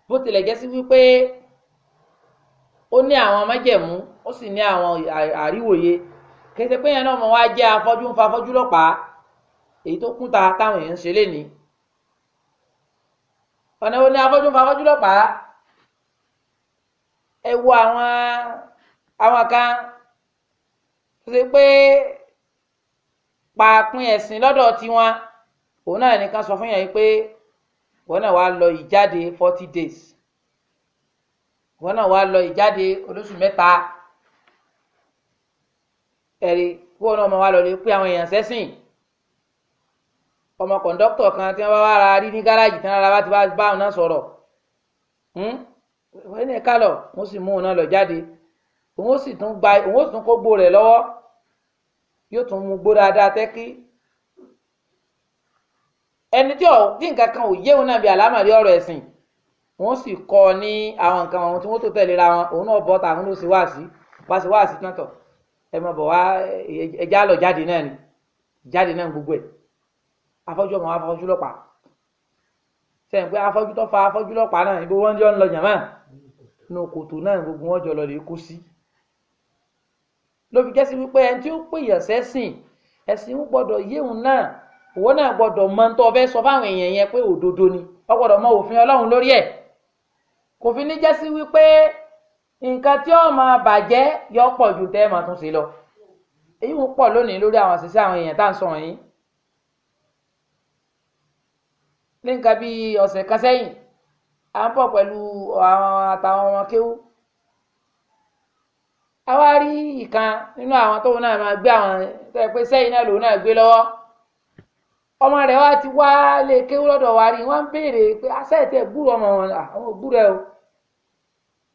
bó tilẹ̀ jẹ́ sí wípé ó ní àwọn májẹ̀mú ó sì ní àwọn àríwòye kì í ṣe pé yẹn náà mo wá jẹ́ afọ́jú ń fa afọ́jú lọ́pàá èyí tó kúnta táwọn èèyàn ń ṣe lénìí ọ̀nà wo ni afọ́jú ń fa afọ́jú lọ́pàá ẹ wo àwọn àwọn kan tó ṣe pé paapin ẹ̀sìn lọ́dọ̀ tiwọn òun náà nìkan sọ fún yàn yín pé wọn náà wàá lọ ìjáde forty days wọn náà wàá lọ ìjáde olóṣù mẹ́ta ẹ̀rí wọn náà máa wá lọ lè pé àwọn èèyàn sẹ́sìn ọmọ kọ̀ńdọ́kítọ̀ kan tí wọ́n bá wá ra rí ní gáràjì tí wọ́n bá ti bá àwọn náà sọ̀rọ̀ hmm? wọ́n ní ká lọ wọ́n sì mú òun náà lọ jáde òun ó sì tún gba òun ó sì tún kó gbó rẹ̀ lọ́wọ́ yóò tún mú gbó dáadáa tẹ́kí ẹni tí nǹkan kan ò yéwu náà bí àlámọ̀rí ọ̀rọ̀ ẹ̀sìn wọ́n sì kọ́ ọ ní àwọn nǹkan ọ̀hún tí wọ́n tó tẹ̀lé ra wọn òun náà bọ́ tàwọn ló sì wá sí wá sí wá sí tán ẹ mọ̀ bọ̀ wá ẹja lọ jáde náà ni jáde náà gbogbo ẹ̀ afọ́jú ọmọ afọ́jú lọ́pàá sẹ́yìn pé afọ́jú tó fa afọ́jú lọ́pàá náà ibo wọ́n jọ ń lọ jàmáà nù kòtò náà gbogbo wọn jọ lọ lè kó sí ló fi jẹ́sí wípé ẹni tí ó pèèyàn sẹ́sìn ẹ̀sìn ń gbọ́dọ̀ yéhùn náà òwò náà gbọ́dọ̀ mọ tó o fẹ́ sọ fáwọn èèyàn yẹn pé òdodo ni wọ́n gbọ́dọ̀ mọ òfin ọlọ́run lórí ẹ̀ kò fi ní jẹ́sí wípé nǹkan tí ó máa bàjẹ́ yọ pọ̀ ju tẹ́ ẹ̀ máa tún ṣe lọ èyí ń pọ̀ lónìí lórí àwọn àṣìṣe àwọn èèyàn tá à ń sọ wọ̀nyí ní nǹkan bíi ọ̀sẹ̀ kan sẹ́yìn à ń pọ̀ pẹ̀lú àwọn àtàwọn ọmọ kéwú a wá rí ìkan nínú àwọn tóun náà máa gbé àwọn tó yẹ pé sẹ́yìn náà lòun náà gbé lọ́wọ́ ọmọ rẹ̀ wá ti wá lè kéwú lọ́dọ̀ wa rí wọ́n ń béèrè pé asẹ́ẹ̀tì ẹ̀ gbúrò ọmọ wọn àwọn ògbúrò ẹ o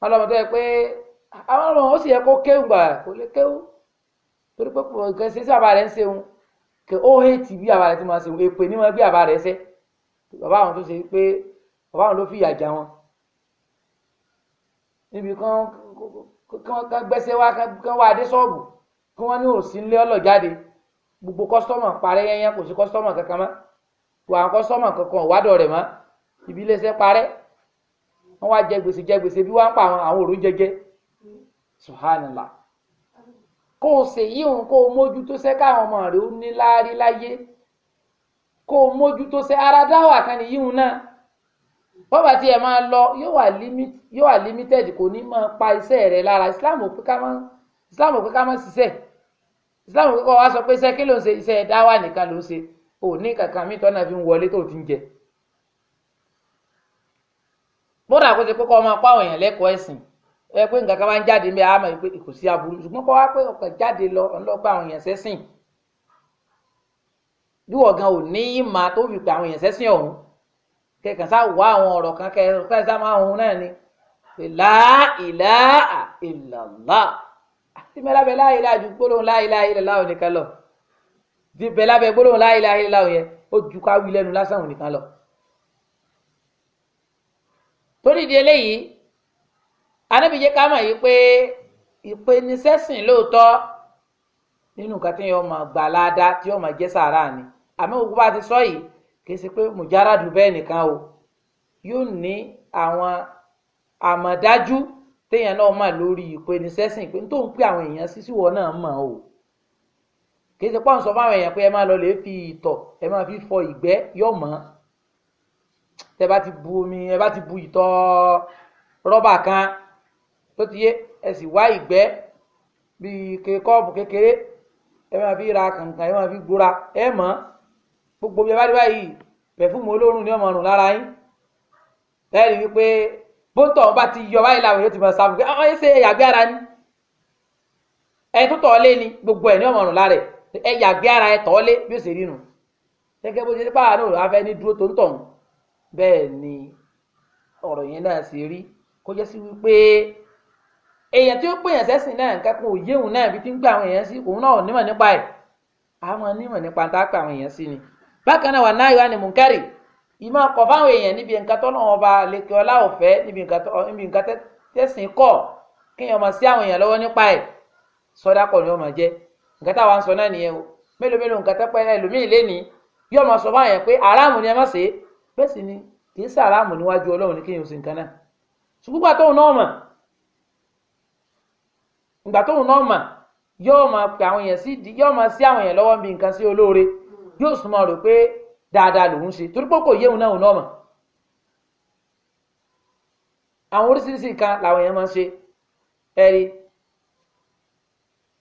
ọlọ́mọ tó yẹ pé àwọn ọmọ wọn ó sì yẹ kó kéwú gbà kó lè kéwú torí pé kò nǹkan ṣe sí àbá rẹ̀ ń ṣeun kò ó hẹ́ẹ̀tì bí àbá rẹ̀ ti máa ṣeun èpè ní wọn bí àbá rẹ̀ ṣe bàbá àwọn tó ṣe pé bàbá àwọn ló fi ìyà jà wọn níbi kan kán gbẹ́sẹ̀ wá kán wá adé sọ́ọ̀bù kí wọ́n ní òsì ńlẹ́ ọlọ́jáde gbogbo kọ́sítọ́mà parẹ́ yẹnyẹn kò sí kọ́sítọ́mà kankan mọ́ wà á kọ́sítọ́mà kankan wádọ̀ rẹ̀ mọ́ ibi iléeṣẹ́ parẹ́ wọ́n wá jẹ gbèsè jẹ gbèsè bí wọ́n ń pa àwọn òrùn jẹjẹ subhanallah kó o ṣe yí òun kó mójútó sẹ́ káwọn ọmọ rẹ̀ ó ní láárí láyé kó mójútó sẹ́ ara dáwà kan nìyí òun náà bọ́ọ̀bà tí ẹ máa lọ yóò wà limited kò ní máa pa iṣẹ́ rẹ lára islam ò pé ká má islam ò pé ká má ṣiṣẹ́ islam ò pé kọ́ wa sọ pé iṣẹ́ kí ló ń ṣe iṣẹ́ dáwà nìkan ló ń ṣe ò ní kankan mi tọ́nà fi ń wọlé tó fi ń jẹ. bóra kó ṣe pé kọ́ máa pa àwọn èèyàn lẹ́kọ̀ọ́ ẹ̀sìn ó pé nǹkan kan máa ń jáde ń àmọ́ pé kò sí aburú ṣùgbọ́n kọ́ wá pé ọkàn jáde lọ ọlọ́gbà àwọn èèyàn sẹ́sìn bí wọ́n gan ò ní í tó fi pè àwọn èèyàn sẹ́sìn ọ̀hún kẹkàn sá wá àwọn ọ̀rọ̀ kan kẹkàn sá máa hun náà ni la ilaha illallah àti mẹlábẹ la ilaha ju gbólóhùn la ilaha illallah òun nìkan lọ bí mẹlábẹ gbólóhùn la ilaha illallah òun yẹn ó ju ká wí lẹ́nu lásán òun nìkan lọ. torí di eléyìí anábìyẹ ká mọ̀ yìí pé ìpènisẹ́sìn lóòótọ́ nínú nǹkan tí yóò máa gbà ládàá tí yóò máa jẹ́ sàárà ni àmọ́ gbogbo bá ti sọ yìí kìí ṣe pé mùjáràdù bẹ́ẹ̀ nìkan o yóò ní àwọn àmọ̀dájú téèyàn náà mà lórí ìpènisẹ́sìn pé nítorí pé àwọn èèyàn sísíwọ́ náà mọ̀ o kìí ṣe pọ́n sọ fáwọn èèyàn pé ẹ máa lọ lè fi ìtọ̀ ẹ máa fi fọ ìgbẹ́ yọ̀ mọ́ tẹ bá ti bu omi ẹ bá ti bu ìtọ̀ rọ́bà kan tó ti yé ẹ sì wá ìgbẹ́ bíi kọ́ọ̀bù kékeré ẹ máa fi ra kàǹkà ẹ máa fi gbóra ẹ mọ̀ ọ́ gbogbo bí ẹ bá dé báyìí pẹ̀fúmù olóòórùn ni ọmọ ọrùn lára yín ẹ rí i pé bóńtọ̀ ọba ti yọ báyìí làwọn yóò ti mọ̀ sáfù pé àwọn ah, ah, ẹsẹ̀ ẹ̀yàgbé ara ni ẹni tó tọ̀ọ́lé ni gbogbo ẹ̀ ní ọmọ ọrùn lára ẹ̀ ẹ̀yàgbé ara ẹ̀ tọ̀ọ́lé bí ó sì rí nu gẹ́gẹ́ bó ṣe pé àwọn náà afẹ́ ní dúró tó ń tọ̀ bẹ́ẹ̀ ni ọ̀rọ̀ yẹn náà sì rí kó jẹ́ sí wípé èèyàn tí ó pè yàn sẹ́sìn náà nǹkan kan òye òun náà ibi tí ń gbà àwọn èèyàn sí òun náà ò nímọ̀ nípa ẹ̀ àwọn onímọ̀ nípa tá a pè àwọn èèyàn sí ni. bákan náà wà náà ìwà ni mùnkárì ìmọ̀ èèyàn níbi nǹkan ọba lẹ́kẹ́ ọlá ọ̀fẹ́ níbi nǹkan tẹ̀sìn kí kéèyàn máa sí àwọn èèyàn lọ́wọ́ nípa ẹ sọ́dákọ̀ ni wọ́n máa jẹ́ nǹkan táwa ń sọ náà nìyẹn o mélòó mélòó nǹkan yóò sọ fáwọn pé aráàmù ni ẹ má ṣe é sì ni kì í níwájú ní sì nǹkan náà ṣùgbọ́n náà mọ̀ yóò sì máa rò pé dáadáa lòun ṣe torí pé kò yéhun náà náà mọ̀ àwọn oríṣiríṣi nǹkan làwọn èèyàn máa ń ṣe ẹ̀rí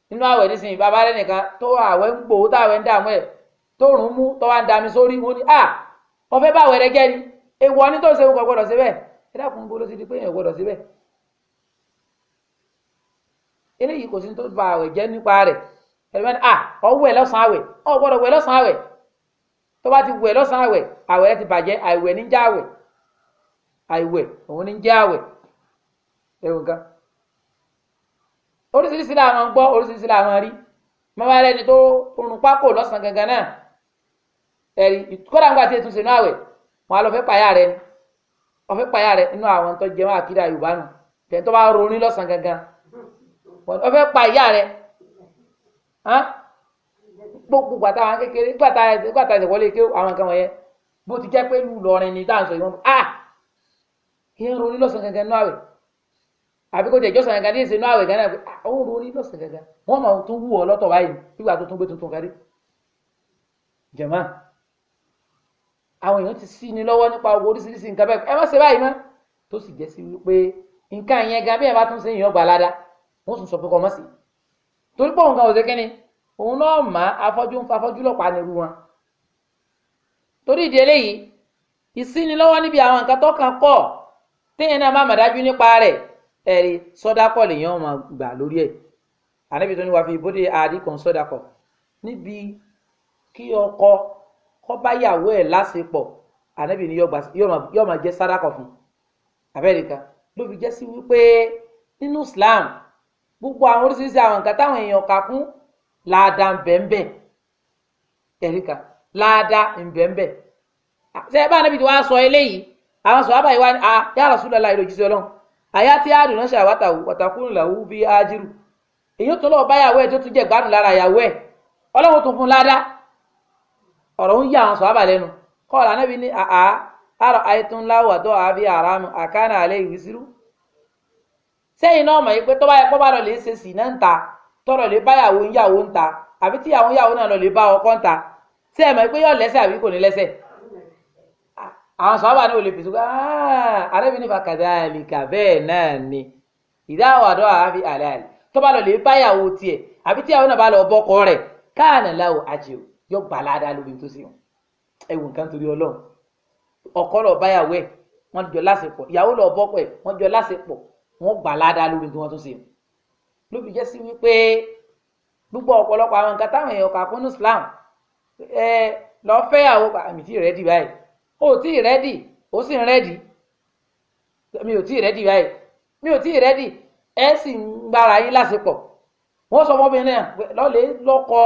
nínú àwẹ̀ nísìnyí bàbá lẹ́nìkan tó àwẹ̀ ń gbòó táwẹ̀ ń dààmú ẹ̀ tó rùn mú tó wá ń dami sórí wọn ni à wọ́n fẹ́ bá àwẹ̀ rẹ jẹ́ ni ewu ní tó ń ṣe kò gbọdọ̀ síbẹ̀ ẹ dákun bó ló di pé èèyàn gbọdọ̀ síbẹ̀ eléyìí kò sí tó ba àwẹ̀ jẹ́ nípa rẹ̀ ẹ̀rọ mẹ́ta ah ọ̀wẹ̀ lọ́sàn-án àwẹ̀ ọ̀ gbọ́dọ̀ wẹ̀ lọ́sàn tó bá ti wẹ̀ lọ́sàn-án àwẹ̀ rẹ ti bàjẹ́ àìwẹ̀ ní já àwẹ̀ àìwẹ̀ òun ní já àwẹ̀ ẹ̀wù nǹkan oríṣiríṣi làwọn gbọ́ oríṣiríṣi làwọn rí mọ́mọ́ rẹ ni tó orun pákó lọ́sàn gangan náà ẹ̀rí kódà ńgbà tí ètùsẹ̀ náà wẹ̀ wọn lọ fẹ́ pàyà rẹ wọn fẹ́ pàyà rẹ nínú àwọn tó jẹ́ wọn Yorùbá nù tẹ̀ tó bá ronú lọ́sàn gangan wọn fẹ́ pàyà rẹ gbogbo gbàtà àwọn kékeré gbàtà gbàtà ìwọlé ké àwọn nǹkan wọ̀nyẹn bó ti jẹ́ pé lù lọrin ni táwọn sọ yìí wọn a ìyẹn ronú lọ́sàn gangan náà rẹ̀ àbí kò tẹ̀ ìjọsìn gangan ní ìsìn náà rẹ̀ gangan ó ń ronú lọ́sàn gangan wọ́n máa tún wù ọ lọ́tọ̀ báyìí nígbà tó tún gbé tuntun kárí jẹ̀mọ́ àwọn èèyàn ti sí ni lọ́wọ́ nípa owó oríṣiríṣi nǹkan bẹ́ẹ̀ ẹ má ṣe báyìí mọ́ tó sì jẹ́ sí wípé nǹkan yẹn gan bí ẹ bá tún ṣe èèyàn gbà ládàá wọ́n tún sọ pé kọ́ mọ́ sí i torí pé òun kan ò ṣe kínní òun náà mà afọ́jú ń fa afọ́jú lọ́pàá nírú wọn torí ìdí eléyìí ìsínilọ́wọ́ níbi àwọn nǹkan tó kàn kọ́ téèyàn náà má mà dájú nípa rẹ̀ ẹ̀rí sọ́dákọ̀ lèèyàn máa gbà lórí ẹ̀ ànábì tó ní wàá fi bóde àdìkan sọ́dákọ̀ níbi kí ọkọ kọ́ bá yàwó ẹ̀ lásìpọ̀ ànábì ni yóò máa jẹ́ sádàkọ̀ fún abẹ́rẹ́ka ló fi jẹ́ sí wípé nínú Islam gbogbo àwọn oríṣiríṣi àwọn nǹkan táwọn èèyàn kà kún láàdá ńbẹ̀ńbẹ̀ ẹ̀ríkà láàdá ńbẹ̀ńbẹ̀ ṣe bá níbi tí wàá sọ eléyìí àwọn sọ̀rọ̀ àbáyé ni ya Rasulullah ìròjíṣẹ́ ọlọ́run àyà tí àdùn náà ṣàwátà wàtàkùn làwù bí ájírù èyí tó lọ́ọ́ báyàwó ẹ̀ tó tún jẹ́ gbádùn lára ìyàwó ẹ̀ ọlọ́run tó fún ọ̀rọ̀ ń àwọn lẹ́nu kọ́ọ̀lù sẹ́yìn náà mọ̀ yìí pé tọ́ba ẹ̀kọ́ bá lọ lè ṣe sì náà ń ta tọ́lọ̀ lè bá yàwó yàwó ń ta àbí tí yàwó yàwó náà lọ lè bá ọkọ ń ta sẹ́yìn mọ̀ yìí pé yọ̀ lẹ́sẹ̀ àbí kò ní lẹ́sẹ̀ àwọn sọ́ọ́bà náà ò lè fi sùgbọ́n ah, àrẹ́bí nípa kàdáàlìkà bẹ́ẹ̀ náà ni ìdáhùn àdó àfi àlàyé tọ́ba lọ lè bá yàwó tiẹ̀ àbí tí yàwó náà bá lọ bọ́kọ rẹ̀ káànà láwò àjò yọ gbàládà lóbi tó sì wọn ẹwù nǹkan torí Ọlọ́run ọkọ lọ wọ́n gbà ládàá lórí tí wọ́n tún ṣe ló fi jẹ́ sí wípé gbogbo ọ̀pọ̀lọpọ̀ àwọn nǹkan táwọn èèyàn kà kún Islam ẹ lọ fẹ́ àwọn àmì tí rẹ́dì báyìí ó tí rẹ́dì ó sì ń rẹ́dì mi ò tí rẹ́dì báyìí mi ò tí rẹ́dì ẹ sì ń gbára yín lásìkò wọ́n sọ ọmọbìnrin náà lọ́lẹ̀ lọ́kọ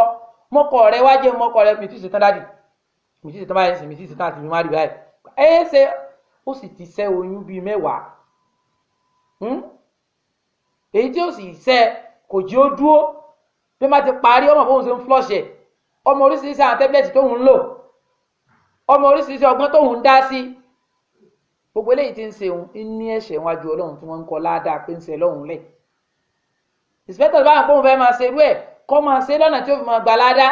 mọ́kọ rẹ wá jẹ́ mọ́kọ rẹ mi tí ṣetán dádì mi tí ṣetán báyìí mi tí ṣetán àti mi má rí báyìí ẹ ṣe ó sì ti ṣẹ́ oyún bíi mẹ́wàá Hmm? èyí tí ó sì sẹ kò jí ó dúró bí wọn bá ti parí ọmọ bóun ṣe ń flọ́ṣẹ̀ ọmọ oríṣiríṣi àwọn tẹ́bílẹ̀tì tóun ń lò ọmọ oríṣiríṣi ọgbọ́n tóun ń dá sí gbogbo eléyìí tí ń ṣe òun ní ẹ̀ṣẹ̀ wájú ọlọ́run tí wọ́n ń kọ ládàá pé ń ṣe lọ́hùn lẹ̀ ìsìpẹ́tọ̀ báwọn kóun fẹ́ máa ṣe irú ẹ̀ kọ́ máa ṣe lọ́nà tí ó fi máa gbà ládàá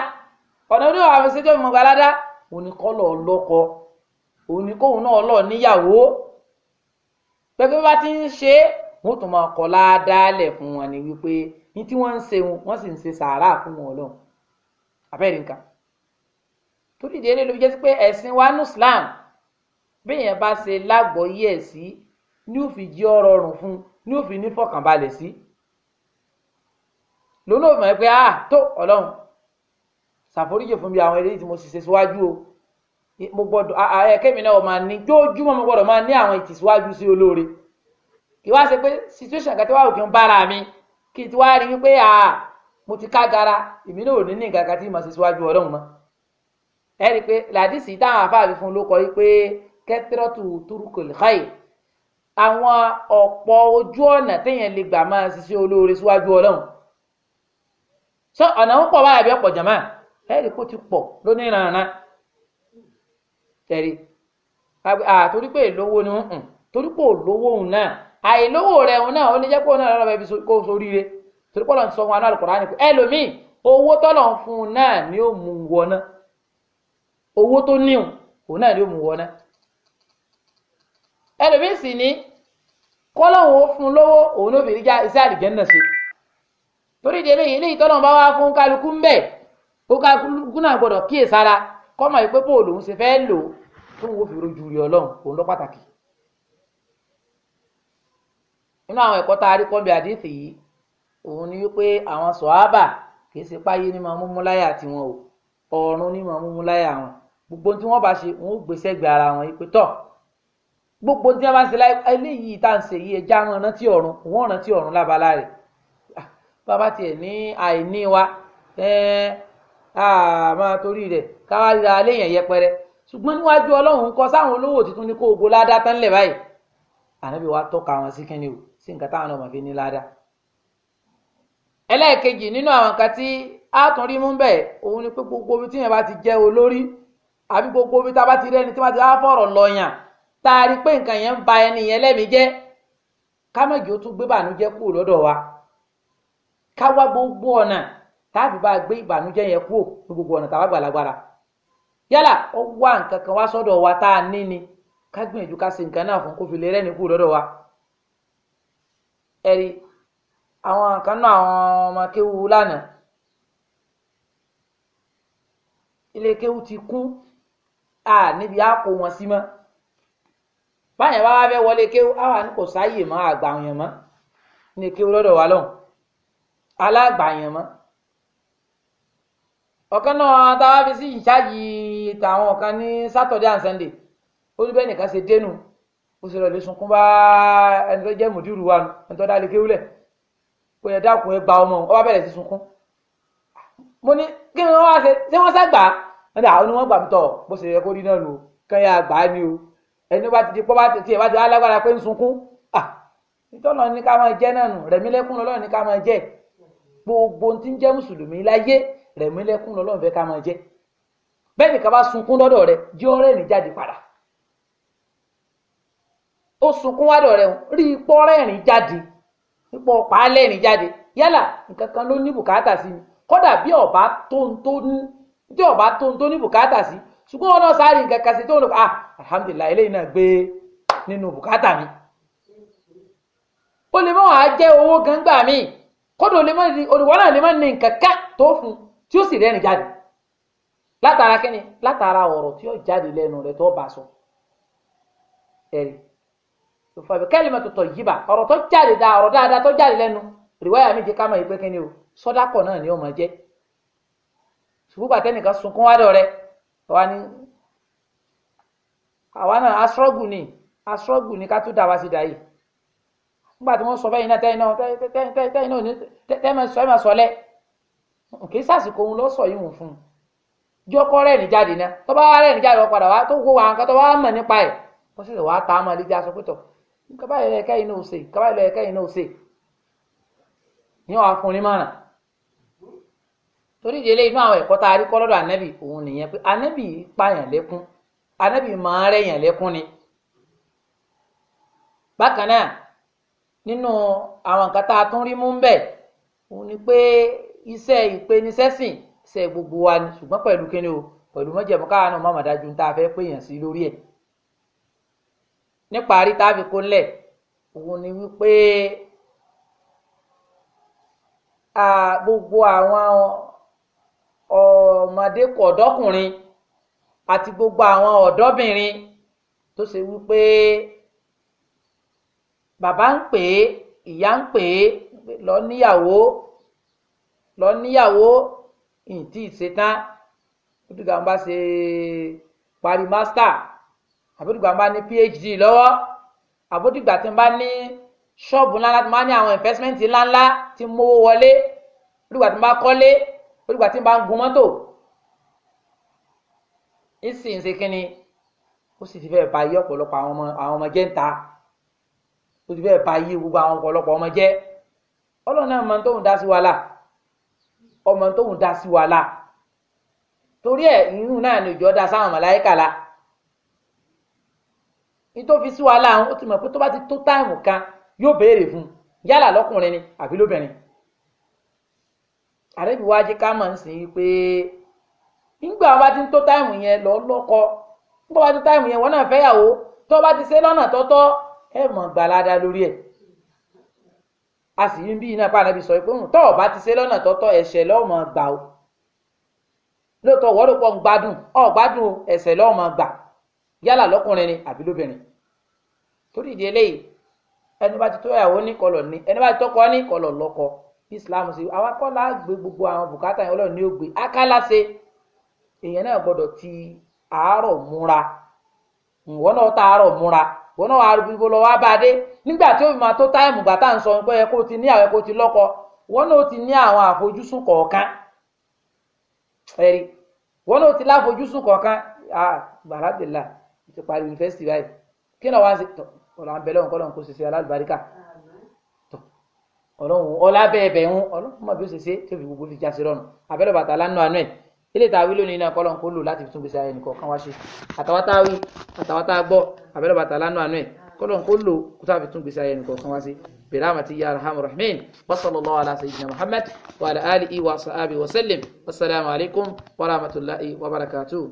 ọ̀nà oníwà àwọn ṣe tí ó fi máa gbà ládàá òun ni kọ́ lọ́ọ́ lọ́kọ òun ni kóun náà lọ́ọ́ níyàwó pé bí wọ́n bá ti ń ṣe é wọ́n tún máa kọ́ ládàálẹ̀ fún wọn ni wípé ní tí wọ́n ń ṣe wọn wọ́n sì ń ṣe sàárà fún wọn ọlọ́run abẹ́rẹ́ nǹkan torí ìdílé ló fi jẹ́ sí pé ẹ̀sìn wa ní Islam béèyàn bá ṣe lágbọ́yé ẹ̀ sí ní ó fi jí ọ̀rọ̀ ọrùn fún ní ó fi ní fọkànbalẹ̀ sí lónà òfin mọ̀ pé ah tó ọlọ́run ṣàforíjì fún mi àwọn eléyìí tí mo sì ṣe síwájú o mo gbọ́dọ̀ ẹkẹmi náà máa ní jójúmọ́ mo gbọ́dọ̀ máa ní àwọn ìtìsíwájú sí olóore kí wá ṣe pé situation kan tí wàá òkè ń bára mi kí n ti wá rí wípé à mo ti ká gara èmi náà ò ní ní nǹkan kan tí mo ṣe síwájú Ọlọ́run mọ́ ẹ rí i pé làdísì táwọn afáàbí fún ló kọ yí pé kẹtírọtù turukul khair àwọn ọ̀pọ̀ ojú ọ̀nà téèyàn lè gbà máa ṣiṣẹ́ olóore síwájú Ọlọ́run sọ ọ̀nà ń pọ̀ báyà bí ọ̀pọ̀ jàmáà ẹ rí i kó ti pọ̀ lónìí rànran tẹ̀rí àtorí pé ìlówó ni ń torí pé òlówó òun náà àìlówó rẹ̀ òun náà ó ní naa onye òun náà lọ́wọ́ ibi kó sórí rẹ̀ torí pọ́lọ́ ti sọ wọn alukọ̀rọ̀ ànìkú ẹlòmíì owó tọ́lọ̀ ń fún un náà ni ó mú wọn náà owó tó níhùn òun náà ni ó mú wọn náà ẹlòmíì sì ní kọ́lọ́hún ó fún un lówó òun ló fi rí iṣẹ́ àlùjànnà ṣe torí ìdí eléyìí eléyìí tọ́lọ̀ bá wá fún kálukú ń bẹ̀ kó kálukú náà gbọ́dọ̀ kọ́mọ̀ yìí pé bó lòun ṣe fẹ́ lò tó wò fi rojú rí ọlọ́run òun lọ pàtàkì nínú àwọn ẹ̀kọ́ tá a rí kọ́bi àdìsí yìí òun ni wípé àwọn sọ̀hábà kì í ṣe páyé ní máa múmú láyà tiwọn o ọ̀run ní máa múmú láyà wọn gbogbo tí wọ́n bá ṣe wọn ó gbèsè gbé ara wọn yìí pé tọ̀ gbogbo tí wọ́n bá ṣe eléyìí tá à ń ṣe yìí ẹja wọn rántí ọ̀run wọn rántí ọ̀run lábala ah, rẹ̀ bàbá tiẹ̀ ní àìní wa ẹ̀ẹ́ àmọ́ ah, torí rẹ̀ káwá ríra aléèyàn yẹpẹrẹ ṣùgbọ́n níwájú ọlọ́run kọ sáwọn olówó tuntun ní kó ogo ládá tán lẹ̀ báyìí ànábì wa tọ́ka wọn sí kínní o sí nǹkan táwọn ọmọ fi ní ládá. ẹlẹ́ẹ̀kejì nínú àwọn nǹkan tí a tún rí mú bẹ́ẹ̀ òun ni pé gbogbo ibi tí yẹn bá ti jẹ́ olórí àbí gbogbo ibi tá a bá ti rẹ́ni tí wọ́n ti wá fọ̀rọ̀ lọ́yàn tá a rí pé nǹkan yẹn ń ba ẹni yẹn lẹ́mìí jẹ́ ká mọ̀jì ó tún gbé bànújẹ́ kúrò lọ́dọ̀ wa ká wá gbogbo ọ̀nà táàbì bá gbé ìbànújẹ́ yẹn kúrò ní gbogbo ọ̀nà tàwa gbàlagbàra yálà ó wá nǹkan kan wá sọ́dọ̀ wa tá a ní ni ká gbìyànjú ká ṣe nǹkan náà fún kó fi lè rẹ́ni kúrò lọ́dọ̀ wa ẹ̀rí àwọn kan náà àwọn ọmọ kéwu lánàá ilé kéwu ti kún a níbi á kó wọn sí mọ́ báyẹn bá wá fẹ́ wọlé kéwu àwa ni kò sáàyè mọ́ àgbà yẹn mọ́ ní kéwu lọ́dọ̀ wa lọ́hùn alágbà yẹn mọ́. ọ̀kan náà táwa fi sí ìṣáàjì tàwọn kan ní sátọ̀dé and sunday olùbẹ́ nìkan ṣe dénú ó ṣe lọ́ọ́ sunkún bá ẹni tó jẹ́ mùdírù wa ẹni tó dálé kéwúlẹ̀ kò yẹ dákun ẹ gba ọmọ ọba bẹ̀rẹ̀ sí sunkún mo ní kí ni wọ́n wá ṣe ṣé wọ́n ságbà ẹni àwọn ni wọ́n gbà mí tọ̀ bó ṣe yẹ kó rí náà nù kẹ́yìn àgbà ni o ẹni bá ti di pọ́ bá ti tiẹ̀ bá ti alágbára pé ń sunkún ìtọ́nà ní ká máa jẹ́ náà nù rẹ̀mí lẹ́kún lọ́lọ́run ní ká máa jẹ́ gbogbo ohun tí ń jẹ́ mùsùlùmí láyé rẹ̀mílẹ́kún lọ́lọ́run fẹ́ ká máa jẹ́ bẹ́ẹ̀ nìkan bá sunkún lọ́dọ̀ rẹ jẹ́ ọ̀rẹ́ ní jáde padà ó sunkún wádọ̀ rẹ rí ipò ọ̀rẹ́ jáde ipò jáde yálà nǹkan kan ló ní bùkátà sí ni kódà bí tó ń tó ní tó ń tó ní bùkátà ah, alhamdulilayi eléyìí náà gbé mi jẹ́ mi kódà olùwọ́n náà lè tí ó sì rẹ́rìn jáde látara kíni látara ọ̀rọ̀ tí ó jáde lẹ́nu rẹ̀ tó bá sọ ẹ̀rí tó fà bí kẹ́lí mẹ́tò tọ̀ yí bá ọ̀rọ̀ tó jáde dáa ọ̀rọ̀ dáadáa tó jáde lẹ́nu rìwáyà mi jẹ́ ká mọ̀ ìpé kíni o sọ́dákọ̀ náà ni ó máa jẹ́ ṣùgbọ́n bàtẹ́ nìkan sunkún wá dọ̀ rẹ wa ni àwa náà asọ́gù ni asọ́gù ni ká tún dà wá sí dà yìí nígbà tí wọ́n sọ bẹ́yìn náà tẹ́yìn náà tẹ́yìn náà tẹ́yìn náà tẹ́yìn náà sọ ẹ́ sọ kì í sàsìkò òun lọ sọ yìí wọn fún un jọkọ rẹ ní jáde náà tó bá wá rẹ jáde wọn padà wá tó kó wa nǹkan tó wá mọ̀ nípa ẹ̀ wọn sì lè wá ta á máa lè já sọ pé tọ nǹkan báyìí lọ ẹkẹyìn náà ṣe nǹkan báyìí lọ ẹkẹyìn náà ṣe ní wàá fún un ní mọ̀ràn torí ìdílé inú àwọn ẹ̀kọ́ tá a rí kọ́ lọ́dọ̀ ànábì òun nìyẹn pé ànábì pààyàn lẹ́kún ànábì máa rẹ̀yàn lẹ́kún ni bákan náà nínú àwọn nǹkan tá a tún rí mú ń bẹ̀ òun ni pé iṣẹ́ ìpeniṣẹ́sìn iṣẹ́ gbogbo wa ni ṣùgbọ́n pẹ̀lú kíni o pẹ̀lú mọ́jẹ̀mú káwa náà mọ̀mọ́ dájú tá a fẹ́ pèèyàn sí lórí ẹ̀ níparí tá a fi kó ńlẹ̀ òun ni wípé gbogbo àwọn ọmọdé ọ̀dọ́kùnrin àti gbogbo àwọn ọ̀dọ́bìnrin tó ṣe wípé bàbá ń pè é ìyá ń pè é lọ níyàwó lọ níyàwó ìtì ìṣetán bódìgbà bá ṣe parí master àbódìgbà bá ní phd lọ́wọ́ àbódìgbà tí n bá ní ṣọ́ọ̀bù ńláńlá tí n bá ní àwọn investment ńláńlá tí n mówó wọlé bódìgbà tí n bá kọ́lé bódìgbà tí n bá ń gun mọ́tò ìsìn ṣe kínni ó sì ti fẹ́ ba yí ọ̀pọ̀lọpọ̀ àwọn ọmọ àwọn ọmọ jẹ́ ń ta ó ti fẹ́ ba yí gbogbo àwọn ọ̀pọ̀lọpọ̀ ọmọ jẹ́ ọlọ́run náà máa tóun dá sí wa ọmọ tóun dá sí wa la torí ẹ irun náà ni ìjọ da sáwọn màláíkà la nítòfi sí wa la ó ti mọ̀ pé tó bá ti tó táìmù kan yóò béèrè fún yálà lọkùnrin ni àbí lóbìnrin àrẹ́bí wa jẹ́ ká mọ̀ sí pé nígbà wọn bá ti ń tó táìmù yẹn lọ lọ́kọ nígbà wọn bá ti tó táìmù yẹn wọn náà fẹ́yàwó tó bá ti ṣe lọ́nà tọ́tọ́ ẹ mọ̀ gbàládá lórí ẹ̀. a sì ń bí iná pàdánù sọ pé tọ́ ọ bá ti ṣe lọ́nà tọ́tọ́ ẹ̀ṣẹ̀ lọ́mọ gbà o lóòótọ́ wọ́n ló pọ̀ ń gbádùn ọ̀ gbádùn ẹ̀ṣẹ̀ lọ́mọ gbà yálà lọ́kùnrin ni àbí lóbìnrin torí ìdí eléyìí ẹni bá ti tó ìyàwó ní kọlọ̀ ní ẹni bá ti tọ́kọ ní kọlọ̀ lọ́kọ Islam sí àwa kọ́ gbé gbogbo àwọn bùkátà yẹn Ọlọ́run ní ó gbé akálàṣe èèyàn náà gbọ́dọ̀ ti àárọ̀ múra ìwọ náà tààrọ̀ múra wọn náà wà á gbogbo lọ wá bá a dé nígbà tí òbí máa tó táìmù gbà tá à ń sọ pé ẹ kó ti ní àwọn ẹ kó ti lọ́kọ wọn náà ti ní àwọn àfojúsùn kọ̀ọ̀kan ẹ̀rí wọn náà ti láfojúsùn kọ̀ọ̀kan gbàrádìlà ti parí yunifásitì báyìí kí náà wá sí ọ̀rọ̀ àbẹ̀lẹ̀ òǹkọ́ lọ́n kó ṣe ṣe alábàríkà ọlọ́run ọlábẹ́ẹ̀bẹ̀ ń ọlọ́run mọ̀ bí ó ṣe ṣe tó fi gbogbo fi já rọrùn àbẹ́lẹ̀ bàtà lánàá àánú ẹ̀ ilé ìtàwé lónìí náà kọ́ lọ́n kó lò láti fi tún gbèsè ayẹnìkọ̀ọ̀kan wá ṣe àtàwátá wí àtàwátá gbọ́ abẹ́rẹ́ bàtà lánàá àánú ẹ̀ kọ́lọ́n kó lò kó tá a fi tún gbèsè ayé nìkan kan wá sí bìrámàtì yà arhamur rahimin wa sallallahu muhammad wa ala wa sahbihi wa sallim wassalamu alaikum wa rahmatullahi wa barakatuh.